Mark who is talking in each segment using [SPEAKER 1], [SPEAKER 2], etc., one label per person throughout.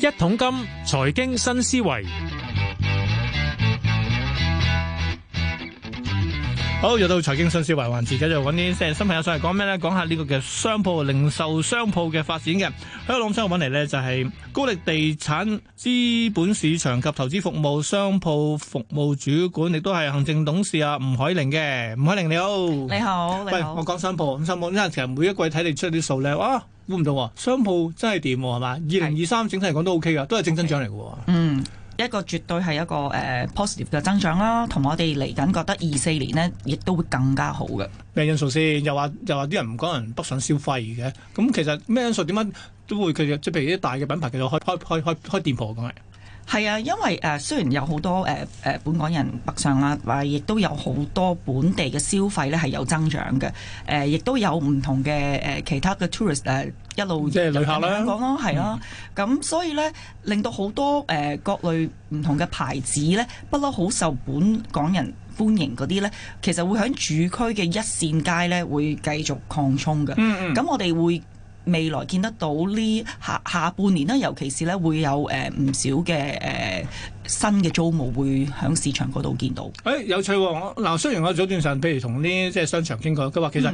[SPEAKER 1] 一桶金，財經新思維。好，又到財經新思維環節，而家就揾啲新朋友上嚟講咩咧？講下呢個嘅商鋪零售商鋪嘅發展嘅。喺我咁想搵嚟咧，就係高力地產資本市場及投資服務商鋪服務主管，亦都係行政董事啊，吳凱寧嘅。吳凱寧你好，你好，你好，你好。喂，我講商鋪，商鋪，因為其實每一季睇你出啲數咧，哇、啊，估唔到商鋪真係掂係嘛？二零二三整體嚟講都 OK 噶，是都係正增長嚟噶。Okay.
[SPEAKER 2] 嗯。一個絕對係一個誒、呃、positive 嘅增長啦，同我哋嚟緊覺得二四年咧，亦都會更加好嘅。咩
[SPEAKER 1] 因素先？又話又話啲人唔講人北上消費嘅，咁其實咩因素點解都會繼續，即係譬如啲大嘅品牌繼續開開開開開店鋪，講係。
[SPEAKER 2] 係啊，因為誒、呃、雖然有好多誒誒、呃呃、本港人北上啦，話亦都有好多本地嘅消費咧係有增長嘅，誒、呃、亦都有唔同嘅誒、呃、其他嘅 tourist 誒、呃、一路即係旅客啦，香港咯係咯，咁所以咧令到好多誒、呃、各類唔同嘅牌子咧，不嬲好受本港人歡迎嗰啲咧，其實會喺主區嘅一線街咧會繼續擴充嘅。嗯嗯，咁我哋會。未來見得到呢下下半年咧，尤其是咧會有誒唔、呃、少嘅誒、呃、新嘅租務會喺市場嗰度見到。
[SPEAKER 1] 誒、哎、有趣喎！嗱，雖然我早段時間，譬如同啲即係商場傾過，佢話其實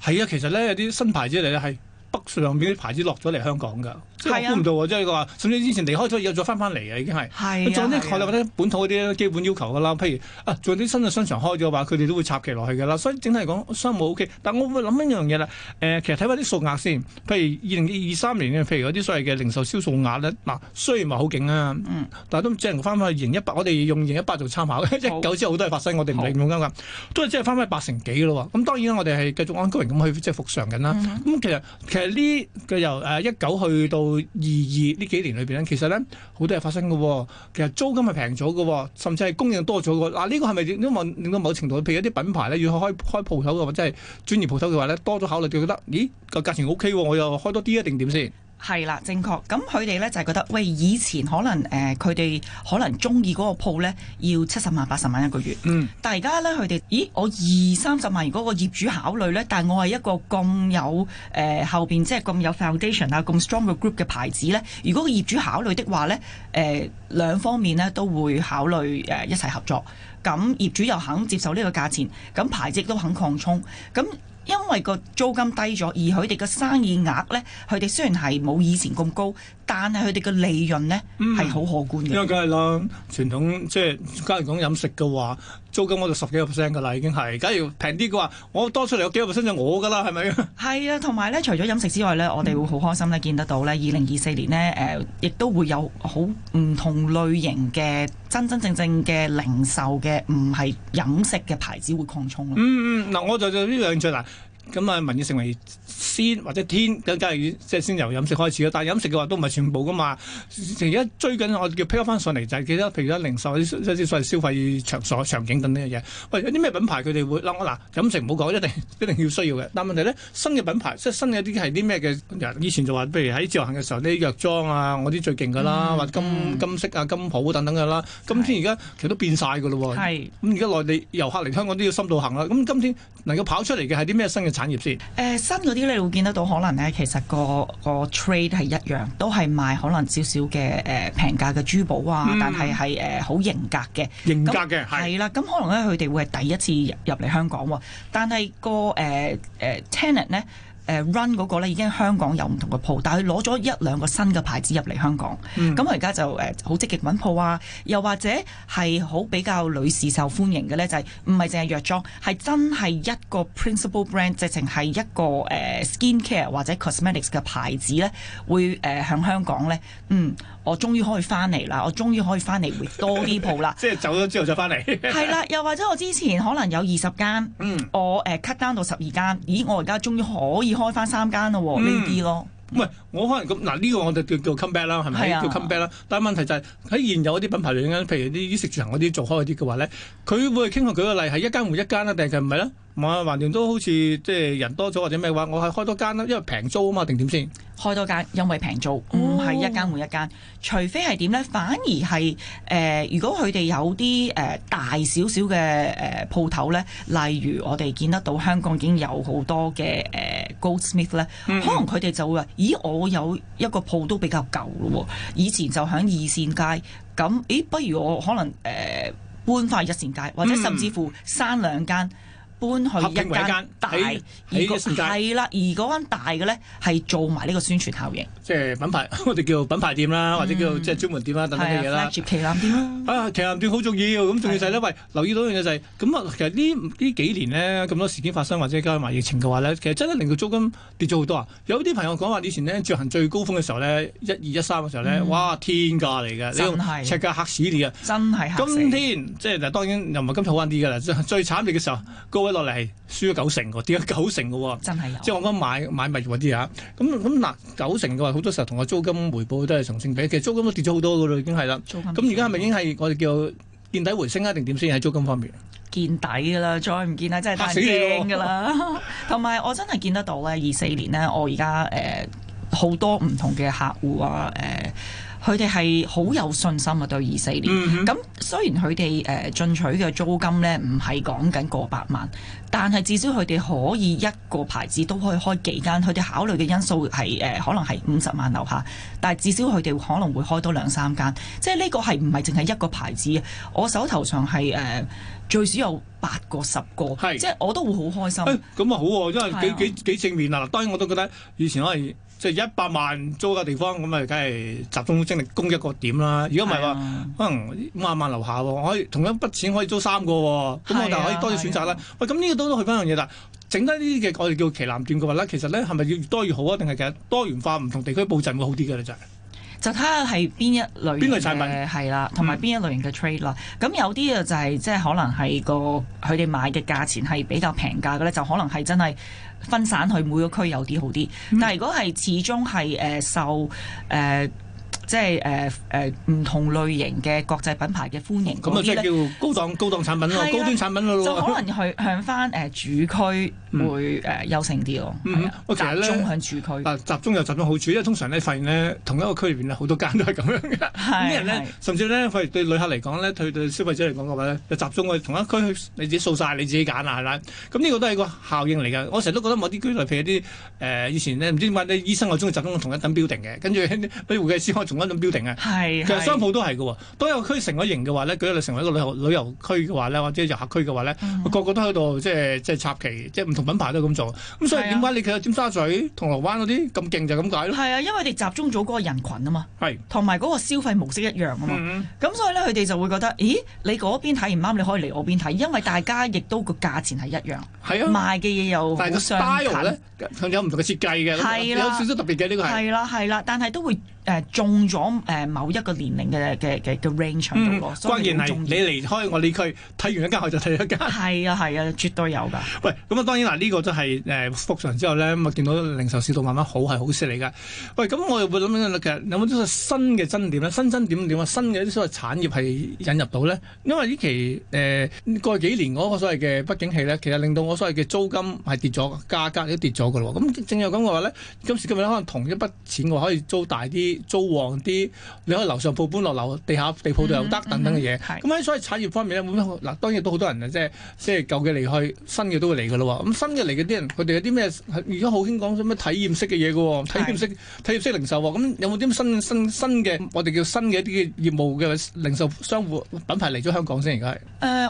[SPEAKER 1] 係啊，其實咧、嗯、有啲新牌子嚟咧係。北上邊啲牌子落咗嚟香港㗎，即係估唔到喎，是啊、即係話甚至之前離開咗又再翻翻嚟啊，已經係。係是啊有。啲可能或本土嗰啲基本要求㗎啦，譬如啊，做啲新嘅商場開咗嘅話，佢哋都會插旗落去㗎啦。所以整體嚟講，商務 O K。但我會諗一樣嘢啦，誒、呃，其實睇翻啲數額先，譬如二零二三年譬如嗰啲所謂嘅零售銷售額咧，嗱、啊，雖然話好勁啊，嗯、但係都只能翻翻去盈一百，我哋用盈一百做參考嘅，即係一九之後好多係發生我哋唔領用㗎都係即係翻翻八成幾㗎咯。咁當然我哋係繼續安居型咁去即係、就是、復常緊啦。咁、嗯、其實,其實呢嘅由誒一九去到二二呢幾年裏邊咧，其實咧好多嘢發生嘅、哦，其實租金係平咗嘅，甚至係供應多咗。嗱、啊、呢、呢個係咪因為點解，某程度譬如一啲品牌咧要去開開鋪頭嘅話，即係專業鋪頭嘅話咧，多咗考慮就覺得，咦、呢個價錢 O、OK、K、哦、我又開多啲一定
[SPEAKER 2] 點先？係啦，正確。咁佢哋呢就係、覺得，喂，以前可能誒佢哋可能中意嗰個鋪呢要七十萬八十萬一個月。嗯。但係而家呢，佢哋，咦，我二三十萬，如果個業主考慮呢？但係我係一個咁有誒、呃、後面，即係咁有 foundation 啊，咁 strong 嘅 group 嘅牌子呢。如果個業主考慮的話呢，誒、呃、兩方面呢都會考慮、呃、一齊合作。咁業主又肯接受呢個價錢，咁牌子都肯擴充，咁。因為個租金低咗，而佢哋個生意額咧，佢哋雖然係冇以前咁高，但係佢哋個利潤咧係好可觀嘅。因為
[SPEAKER 1] 梗係啦，傳統即係家嚟講飲食嘅話。租金我就十幾個 percent 噶啦，已經係。假如平啲嘅話，我多出嚟有幾個 percent 就是、我噶啦，係咪啊？
[SPEAKER 2] 係啊，同埋咧，除咗飲食之外咧，嗯、我哋會好開心咧，見得到咧。二零二四年咧，誒，亦都會有好唔同類型嘅真真正正嘅零售嘅，唔係飲食嘅牌子會擴充咯、嗯。嗯嗯，
[SPEAKER 1] 嗱，我就就呢兩隻啦。咁啊，民以成為先或者天更加即係先由飲食開始咯。但係飲食嘅話都唔係全部噶嘛。而家追緊我叫拋翻上嚟就係幾多，譬如啲零售、一啲所謂消費場所、場景等呢樣嘢。喂，有啲咩品牌佢哋會嗱我嗱飲食唔好講，一定一定要需要嘅。但係問題咧，新嘅品牌即係新嘅啲係啲咩嘅人？以前就話譬如喺自由行嘅時候，呢啲藥妝啊，我啲最勁噶啦，嗯、或者金、嗯、金色啊、金鋪等等噶啦。是今天而家其實都變晒噶咯喎。咁而家內地遊客嚟香港都要深度行啦。咁今天能夠跑出嚟嘅係啲咩新嘅產？
[SPEAKER 2] 產業先，誒、呃、新嗰啲你會見得到，可能咧其實、嗰個個 trade 係一樣，都係賣可能少少嘅誒、呃、平價嘅珠寶啊，嗯、但係係誒好型格嘅，型格嘅係啦，咁可能咧佢哋會係第一次入入嚟香港、啊，但係、嗰個誒誒 tenant 咧。呃呃 Ten 誒、uh, run 嗰個咧已經香港有唔同嘅鋪，但係佢攞咗一兩個新嘅牌子入嚟香港，咁、嗯、我而家就誒好積極揾鋪啊！又或者係好比較女士受歡迎嘅咧，就係唔係淨係藥妝，係真係一個 principal brand，直情係一個誒、uh, skin care 或者 cosmetics 嘅牌子咧，會誒喺、uh, 香港咧，嗯，我終於可以翻嚟啦，我終於可以翻嚟會多啲鋪啦。 即
[SPEAKER 1] 係走咗之後再翻嚟。係 啦，
[SPEAKER 2] 又或者我之前可能有二十間嗯，我誒、uh, cut down 到十二間咦，我而家終於可以。開
[SPEAKER 1] 翻三間、嗯、咯，呢啲咯，唔係我可能咁嗱，呢、這個我就叫叫 come back 啦，係咪？是啊、叫 come back 啦，但係問題就係喺現有嗰啲品牌裏邊，譬如啲衣食住行嗰啲做開嗰啲嘅話咧，佢會傾向舉個例子，係一間換一間咧、啊，定係唔係咧？唔係，環團、嗯、都好似即係人多咗或者咩話，我係開多間咯，因為平租啊嘛，定點先？
[SPEAKER 2] 開多間，因為平租，唔係一間換一間。嗯、除非係點咧，反而係誒、呃，如果佢哋有啲誒、呃、大少少嘅誒鋪頭咧，例如我哋見得到香港已經有好多嘅誒 Goldsmith 咧，呃、Gold smith，可能佢哋就會話：嗯、咦，我有一個鋪都比較舊咯，以前就喺二線街，咁咦，不如我可能誒、呃、搬翻入一線街，或者甚至乎生兩間。嗯搬去一間大，係啦，而嗰間大嘅咧係做埋呢個宣傳效應，即係品牌，我哋叫品牌店啦，或者叫即係專門店啦等等嘅嘢啦。拉住
[SPEAKER 1] 旗艦店啊，旗艦店好重要，咁仲要就係啦。喂，留意到一樣嘢就係，咁啊，其實呢呢幾年咧，咁多事件發生或者加埋疫情嘅話咧，其實真係令到租金跌咗好多啊。有啲朋友講話以前咧，住行最高峰嘅時候咧，一二一三嘅時候咧，哇，天價嚟嘅，真係，赤價嚇死你啊，
[SPEAKER 2] 真係嚇。今
[SPEAKER 1] 天即係嗱，當然又唔係今次好玩啲㗎啦，最最慘烈嘅時候，落嚟係輸咗九成喎，跌咗九成嘅？真係有，即係我啱買買物業嗰啲吓，咁咁嗱九成嘅話，好多時候同個租金回報都係成正比。其實租金都跌咗好多噶啦，已經係啦。租金咁而家係咪已經係我
[SPEAKER 2] 哋叫見底回升啊？定點先喺租金方面？見底噶啦，再唔見啊，真係嘆氣噶啦。同埋 我真係見得到咧，二四年咧，我而家誒好多唔同嘅客戶啊，誒、呃。佢哋係好有信心啊，對二四年。咁、嗯、哼雖然佢哋誒進取嘅租金咧，唔係講緊過百萬，但係至少佢哋可以一個牌子都可以開幾間。佢哋考慮嘅因素係、呃、可能係五十萬樓下，但係至少佢哋可能會開多兩三間。即係呢個係唔係淨係一個牌子？我手頭上係誒、呃、最少有八個、個、十個是，即係我都會好開心。
[SPEAKER 1] 咁、欸、啊好喎，因為幾、啊、幾、幾正面啊！當然我都覺得以前可能即係一百萬租嘅地方，咁咪梗係集中精力攻一個點啦。如果唔係話，啊、可能五萬萬留下喎，可以同一筆錢可以租三個喎，咁、啊、我就可以多啲選擇啦。喂、啊，咁呢、哎、個都都係嗰樣嘢啦。整得呢啲嘅，我哋叫旗艦店嘅話咧，其實咧係咪要越多越好啊？定係其實多元化唔同
[SPEAKER 2] 地區佈陣會好啲嘅咧就？就睇下係邊一類嘅邊類產品係啦，同埋邊一類型嘅 trade 啦。咁、嗯、有啲啊、就是，就係即係可能係個佢哋買嘅價錢係比較平價嘅咧，就可能係真係分散去每個區有啲好啲。但如果係始終係誒、呃、受誒。呃即係誒唔同類型嘅國際品牌嘅歡迎，咁即係叫高檔高檔產品咯。啊、高端產品咯，就可能去向翻主區，嗯、會誒、呃、優勝啲咯。嗯，其實呢，集中喺主區，
[SPEAKER 1] 集中有集中好處，因為通常你發現呢，同一個區裏面好多間都係咁樣嘅。
[SPEAKER 2] 咁
[SPEAKER 1] 甚至呢，譬如對旅客嚟講呢，對對消費者嚟講嘅話咧，集中喺同一區，你自己掃晒，你自己揀啦，係咪？咁呢個都係個效應嚟㗎。我成日都覺得某啲區例如譬如啲以前呢，唔知點解咧醫生我中意集中喺同一等標定嘅，跟住比如護理師開嗰種標其實商鋪都係㗎喎。當一區成咗型嘅話咧，佢就成為一個旅遊旅遊區嘅話咧，或者遊客區嘅話咧，個、嗯、哼個都喺度即係即係插
[SPEAKER 2] 旗，即係唔同品牌都咁做。咁所以點解你睇下尖沙咀、銅鑼灣嗰啲咁勁就咁解咧？係啊，因為佢哋集中咗嗰個人群啊嘛，係同埋嗰個消費模式一樣啊嘛。咁、嗯、哼所以咧，佢哋就會覺得，咦？你嗰邊睇唔啱，你可以嚟我邊睇，因為大家亦都個價錢係一樣，係啊，賣嘅嘢又但係個 style 咧，有唔同嘅設計嘅，啊、有少少特別嘅呢個係啦，係啦、啊啊啊，但係都會。誒、呃、中咗誒、呃、某一個年齡嘅嘅嘅嘅 range、嗯、度咯，關鍵係
[SPEAKER 1] 你離開我呢區睇完一間後就睇一間，係
[SPEAKER 2] 啊係啊，絕對有噶。喂，
[SPEAKER 1] 咁啊當然嗱，呢、這個都係誒復常之後咧，咁啊見到零售市道慢慢好係好犀利噶。喂，咁我又會諗一諗嘅，其實有冇啲新嘅增點咧？新增點點啊，新嘅啲所謂產業係引入到咧？因為呢期誒、呃、過去幾年嗰個所謂嘅不景氣咧，其實令到我所謂嘅租金係跌咗，價格都跌咗噶咯。咁正有咁嘅話咧，今時今日可能同一筆錢嘅話可以租大啲。租旺啲，你可以樓上鋪搬落樓地下地鋪都有得、嗯、哼等等嘅嘢。咁喺是所謂產業方面咧，嗱當然都好多人啊，即係即係舊嘅離去，新嘅都會嚟噶咯。咁新嘅嚟嘅啲人，佢哋有啲咩？而家好興講咩體驗式嘅嘢噶，體驗式是體驗式零售喎。咁有冇啲新新新嘅，我哋叫新嘅一啲嘅業務嘅零售商戶品牌嚟咗香港先？而家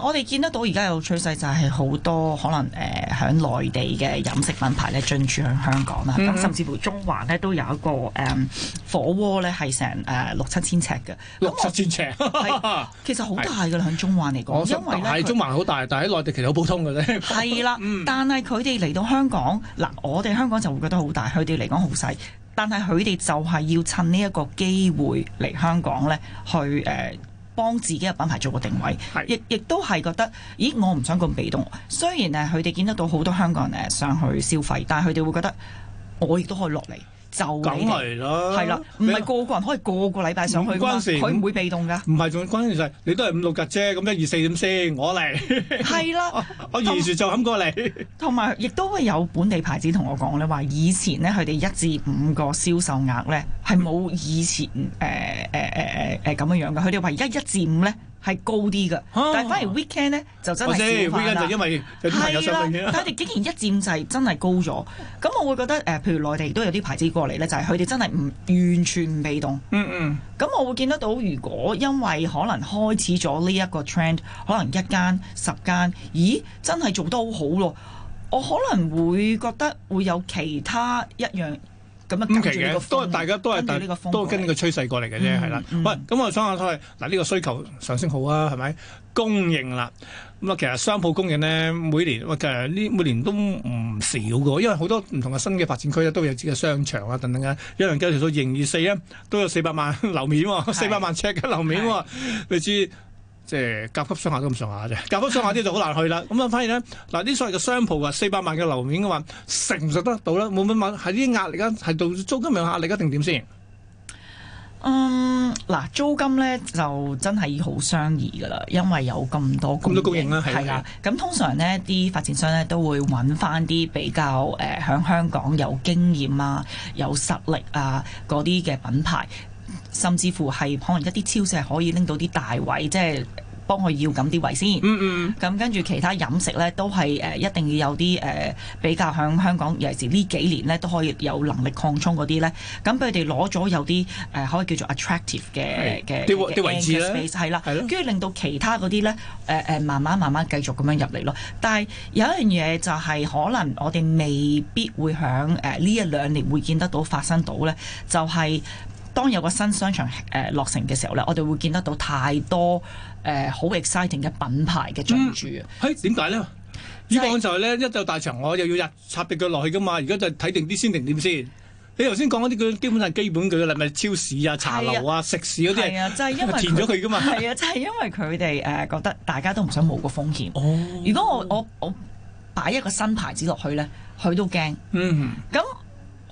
[SPEAKER 2] 誒，我哋見得到而家有趨勢就係好多可能誒，喺內地嘅飲食品牌咧進駐喺香港啦。咁、嗯、甚至乎中環咧都有一個誒、嗯、火。窩咧係成誒六七千尺嘅，六七千尺，嗯、其實好大㗎啦，喺是中環嚟講，因為係中環
[SPEAKER 1] 好大，但係喺內地其實好普通嘅咧。係啦的，嗯、
[SPEAKER 2] 但係佢哋嚟到香港嗱，我哋香港就會覺得好大，佢哋嚟講好細。但係佢哋就係要趁呢一個機會嚟香港咧，去誒、呃、幫自己嘅品牌做個定位，亦亦是都係覺得咦，我唔想咁被動。雖然呢佢哋見得到好多香港人誒想去消費，但係佢哋會覺得我亦都可以落嚟。就嚟咯，係啦，唔係個個人可以個個禮拜上去，佢唔會被動噶。唔係，仲關鍵就係
[SPEAKER 1] 你都係五六日啫，咁一二四點先，我嚟。
[SPEAKER 2] 係啦，我二住
[SPEAKER 1] 就咁過嚟。
[SPEAKER 2] 同埋亦都會有本地牌子同我講咧，話以前咧佢哋一至五個銷售額咧係冇以前咁、嗯欸欸、樣樣嘅，佢哋話一一至五咧。係高啲㗎，啊、但係反而 weekend 咧就真係少啦。係啦，但係佢哋竟然一佔制真係高咗，咁 我會覺得誒、呃，譬如內地都有啲牌子過嚟咧，就係佢哋真係唔完全唔被動。嗯嗯，咁我會見得到，如果因為可能開始咗呢一個 trend，可能一間十間，咦，真係做得好好咯。我可能會覺得會有其他一樣。咁唔奇嘅，都係
[SPEAKER 1] 大家都係都跟呢個趨勢過嚟嘅啫，係啦。喂，咁我想下睇下，嗱呢個需求上升好啊，係咪供應啦？咁啊，其實商鋪供應咧，每年其實呢每年都唔少嘅，因為好多唔同嘅新嘅發展區咧都有自己嘅商場啊等等啊，有人計條數，營業四啊，都有四百萬樓面，四百萬尺嘅樓面喎，你知。即係甲級商廈咁上下啫，甲級商廈啲就好難去啦。咁啊的，反而咧嗱，啲所謂嘅商鋪啊，四百萬嘅樓面嘅話，成唔成得到啦，冇乜問題，係啲壓力啊，係到租金有壓力一定點先？
[SPEAKER 2] 嗯，嗱，租金咧就真係好相宜噶啦，因為有咁多咁多供應啦，係啊的。咁的通常呢啲發展商咧都會揾翻啲比較誒，喺、呃、香港有經驗啊、有實力啊嗰啲嘅品牌。甚至乎係可能一啲超市係可以拎到啲大位，即、就、係、是、幫佢要咁啲位先。嗯嗯。咁、嗯、跟住其他飲食咧，都係誒、呃、一定要有啲誒、呃、比較響香港，尤其是呢幾年咧都可以有能力擴充嗰啲咧。咁佢哋攞咗有啲誒、呃、可以叫做 attractive 嘅嘅啲位置咧，係啦，跟住的令到其他嗰啲咧誒誒慢慢慢慢繼續咁樣入嚟咯。但係有一樣嘢就係可能我哋未必會響誒呢一兩年會見得到發生到咧，就係、是。當有個新商場誒、呃、落成嘅時候咧，我哋會見得到太多誒好、呃、exciting 嘅品牌嘅進駐
[SPEAKER 1] 啊！嘿、嗯，點解咧？呢就是、以往就係咧一到大場，我又要入插鼻佢落去噶嘛。而家就睇定啲先定點先。你頭先講嗰啲，佢基本上基本佢係咪超市啊、茶樓啊、是啊食肆嗰啲係啊，就係、是、因為填咗佢噶嘛係啊，就係、是、
[SPEAKER 2] 因為佢哋誒覺得大家都唔想冒個風險。哦，如果我我我擺一個新牌子落去咧，佢都驚。嗯哼，咁。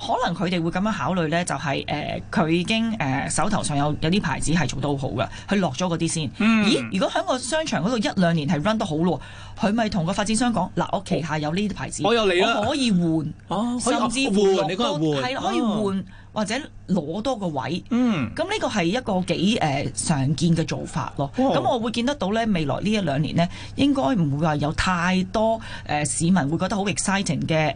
[SPEAKER 2] 可能佢哋會咁樣考慮咧，就係誒佢已經誒、呃、手頭上有有啲牌子係做到好㗎。佢落咗嗰啲先。嗯、咦？如果喺個商場嗰度一兩年係 run 得好咯，佢咪同個發展商講嗱，我旗下有呢啲牌子，我有嚟可以換，啊、甚至換換係、啊、可以換或者攞多個位。嗯，咁呢個係一個幾誒、呃、常見嘅做法咯。咁、哦、我會見得到咧，未來呢一兩年呢，應該唔會話有太多、呃、市民會覺得好 exciting 嘅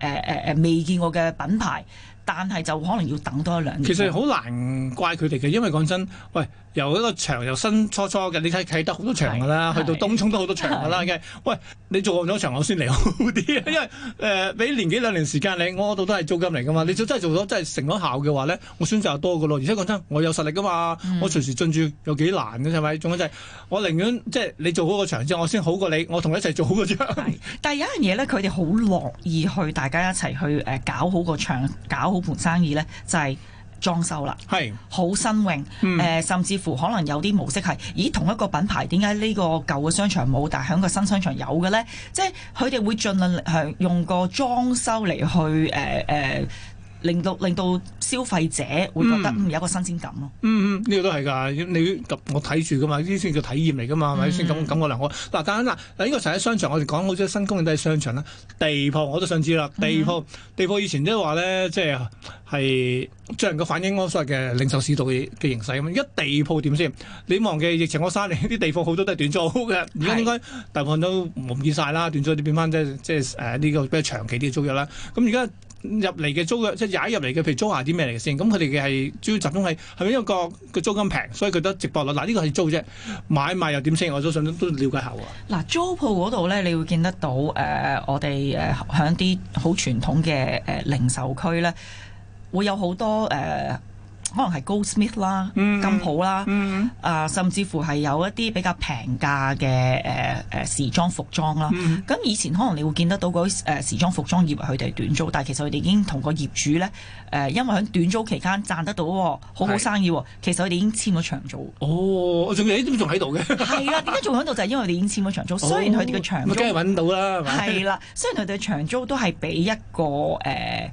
[SPEAKER 2] 未、呃、見過嘅品牌。但係就可能要等多一兩年。其實好
[SPEAKER 1] 難怪佢哋嘅，因為講真，喂。由一個場由新初初嘅，你睇睇得好多場噶啦，去到東涌都好多場噶啦嘅。喂，你做咗場我先嚟好啲啊，的因為誒俾、呃、年幾兩年時間你，我度都係租金嚟噶嘛？你真係做咗真係成咗效嘅話咧，我選擇又多噶咯。而且講真，我有實力噶嘛，嗯、我隨時進駐，有幾難嘅，係咪？仲有就係我寧願即係、就是、你做好個場之後，我先好過你，我同你一齊做好個場。係，
[SPEAKER 2] 但係有一樣嘢咧，佢哋好樂意去大家一齊去搞好個場，搞好，搞好盤生意咧，就係、是。裝修啦，係好是新穎、嗯呃，甚至乎可能有啲模式係，咦，同一個品牌點解呢個舊嘅商場冇，但係喺個新商場有嘅呢？即係佢哋會盡量用個裝修嚟去誒、呃呃令到令到消費者會覺得、嗯嗯、有一個新鮮感咯、嗯。嗯、這
[SPEAKER 1] 個、這嗯，呢個都係㗎。你我睇住㗎嘛？呢啲先叫體驗嚟㗎嘛？係咪先感感覺嚟？嗱嗱，但係嗱，呢、這個成日喺商場，我哋講好似新功能都係商場啦。地鋪我都想知啦，地鋪、嗯、地鋪以前即係話咧，即係係將個反映所謂嘅零售市道嘅形勢咁。而家地鋪點先？你忘記疫情嗰三年啲地鋪好多都係短租嘅，而家應該大部分都唔見晒啦。短租都變翻即係即係誒呢個比較長期啲嘅租約啦。咁而家。入嚟嘅租嘅，即係踩入嚟嘅，譬如租下啲咩嚟嘅先？咁佢哋嘅係主要集中喺係咪一個個租金平，所以佢得直播率。嗱、啊、呢、個係租啫，買賣又點先？我都想都了解下喎。
[SPEAKER 2] 嗱、啊，租鋪嗰度咧，你會見得到誒、呃，我哋誒喺啲好傳統嘅、呃、零售區咧，會有好多誒。呃可能係 Goldsmith 啦、嗯、金舖啦，嗯、啊，甚至乎係有一啲比較平價嘅誒誒時裝服裝啦。咁、嗯、以前可能你會見得到嗰啲誒時裝服裝以為佢哋係短租，但係其實佢哋已經同個業主咧誒、呃，因為喺短租期間賺得到，好好生意。是其實佢哋已經簽咗長租。哦，仲你點仲喺度嘅？係啦，點解仲喺度就係、是、因為佢哋已經簽咗長租。哦、雖然佢哋嘅長租，租梗係搵到啦。係啦、啊，雖然佢哋嘅長租都係俾一個誒。呃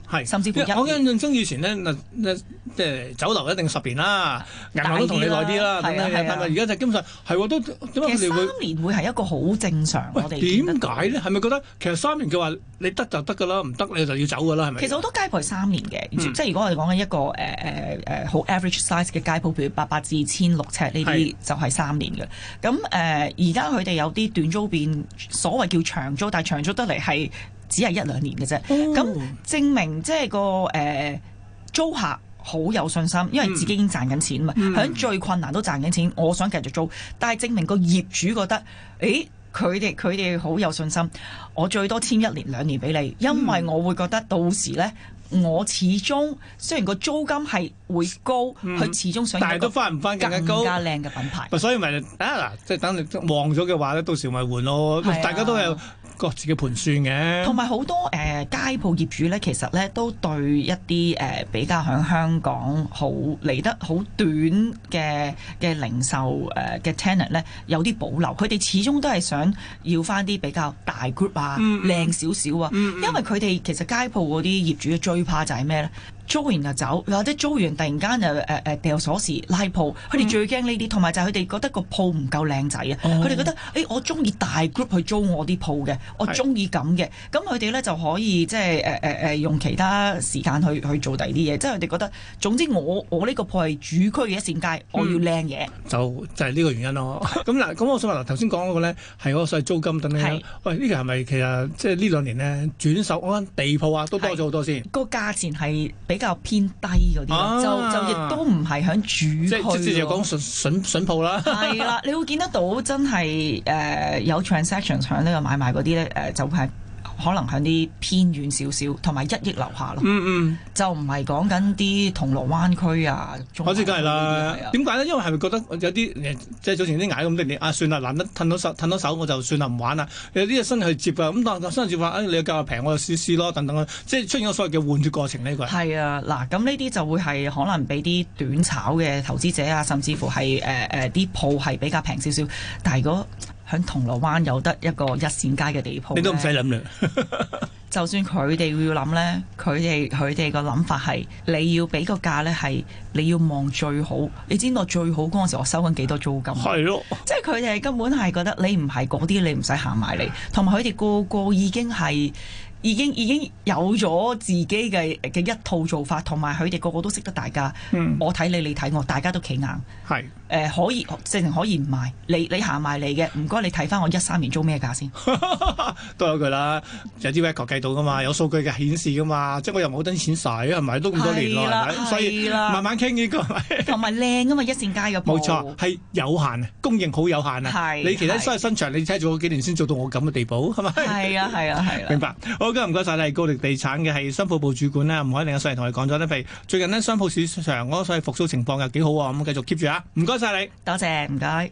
[SPEAKER 1] 係，甚至乎一年，我印象中以前咧，嗱，即係酒樓一定十年啦，銀行都同你耐啲啦。係啊係啊！但係而家就基本上係喎？都點解你會三
[SPEAKER 2] 年會係一個好正常？我哋點
[SPEAKER 1] 解咧？係咪覺得其實三年嘅話你得就得㗎啦，唔得你就
[SPEAKER 2] 要走㗎啦？係咪？其實好多街鋪係三年嘅，即係如果我哋講緊一個誒好 average size 嘅街鋪，譬如八百至千六尺呢啲就係三年嘅。咁而家佢哋有啲短租變所謂叫長租，但係長租得嚟係，只係一兩年嘅啫，咁、哦、證明即係個誒、呃、租客好有信心，因為自己已經賺緊錢啊嘛。喺、嗯、最困難都賺緊錢，我想繼續租，但係證明個業主覺得，誒佢哋佢哋好有信心。我最多簽一年兩年俾你，因為我會覺得到時咧，我始終雖然個租金係會高，佢、嗯、始終想但係都翻唔翻更加高、靚嘅品牌。
[SPEAKER 1] 所以咪嗱，即係等你望咗嘅話咧，到
[SPEAKER 2] 時咪換咯。是啊、大家都係。各自嘅盤算嘅，同埋好多誒、呃、街鋪業主咧，其實咧都對一啲誒、呃、比較喺香港好嚟得好短嘅嘅零售誒嘅、呃、tenant 咧有啲保留。佢哋始終都係想要翻啲比較大 group 啊，靚少少啊，嗯嗯因為佢哋其實街鋪嗰啲業主嘅最怕就係咩咧？租完就走，或者租完突然間誒誒誒掉鎖匙拉鋪，佢哋最驚呢啲，同埋、嗯、就係佢哋覺得個鋪唔夠靚仔啊！佢哋、哦、覺得，誒、哎、我中意大 group 去租我啲鋪嘅，我中意咁嘅，咁佢哋咧就可以即係誒誒誒用其他時間去去做第二啲嘢，即係佢哋覺得，總之我我呢個鋪係主區嘅一線街，嗯、我要靚嘢，
[SPEAKER 1] 就就係呢個原因咯。咁嗱，咁我想話嗱，頭先講嗰個咧係嗰個所謂租金等等。你喂，呢、呢個係咪其實即係呢兩年咧轉手嗰間地鋪啊
[SPEAKER 2] 都多咗好多先？個價錢係比。比較偏低嗰啲，啊、就就亦都唔係響主鋪，即即係直接就講筍筍筍鋪啦。係啦， 你會見得到真係誒、呃、有 transaction 響呢個買賣嗰啲咧，誒就係。可能喺啲偏遠少少，同埋一億留下咯。嗯嗯，嗯就唔係講緊啲銅鑼灣區啊。我知、嗯，梗係啦。點
[SPEAKER 1] 解咧？因為係咪覺得有啲即係早前啲矮咁定嘢？啊，算啦，難得褪到手，褪到手我就算啦，唔玩啦。有啲啊、嗯，新去接啊，咁但係新接話啊，你又較平，我就試試咯，等等咯。即係出現咗所謂嘅換血過程呢個。係
[SPEAKER 2] 啊，嗱，咁呢啲就會係可能俾啲短炒嘅投資者啊，甚至乎係誒誒啲鋪係比較平少少，但係如果。喺銅鑼灣有得一個一線街嘅地鋪，你都唔使諗
[SPEAKER 1] 啦。
[SPEAKER 2] 就算佢哋要諗呢，佢哋佢哋個諗法係，你要俾個價呢係，你要望最好，你知道我最好嗰陣時我收緊幾多租金？係咯了，即係佢哋根本係覺得你唔係嗰啲，你唔使行埋嚟。同埋佢哋個個已經係。已經已經有咗自己嘅嘅一套做法，同埋佢哋個個都識得大家。嗯、我睇你，你睇我，大家都企硬是、呃。可以，直情可以唔賣。你你行埋嚟嘅，唔該，你睇翻我一三年租咩價先。
[SPEAKER 1] 都有佢啦，有啲 record 計到噶嘛，有數據嘅顯示噶嘛。即係我又冇得錢使，同埋都咁多年啦，所以啦慢慢傾呢、呢個。同埋
[SPEAKER 2] 靚啊嘛，一線街嘅。冇錯，
[SPEAKER 1] 係有限啊，供應好有限啊。是你其他新新場，是是你睇咗幾年先做到我咁嘅地步，係
[SPEAKER 2] 咪？係啊，係啊，啊 明
[SPEAKER 1] 白。好，今日唔該晒你，高力地產嘅係商鋪部主管啦，唔可以令阿細同你講咗啲嘢。如最近呢，商鋪市場嗰個所以復甦情況又幾好喎，咁繼續 keep 住啊！唔該
[SPEAKER 2] 晒你多，多謝唔該。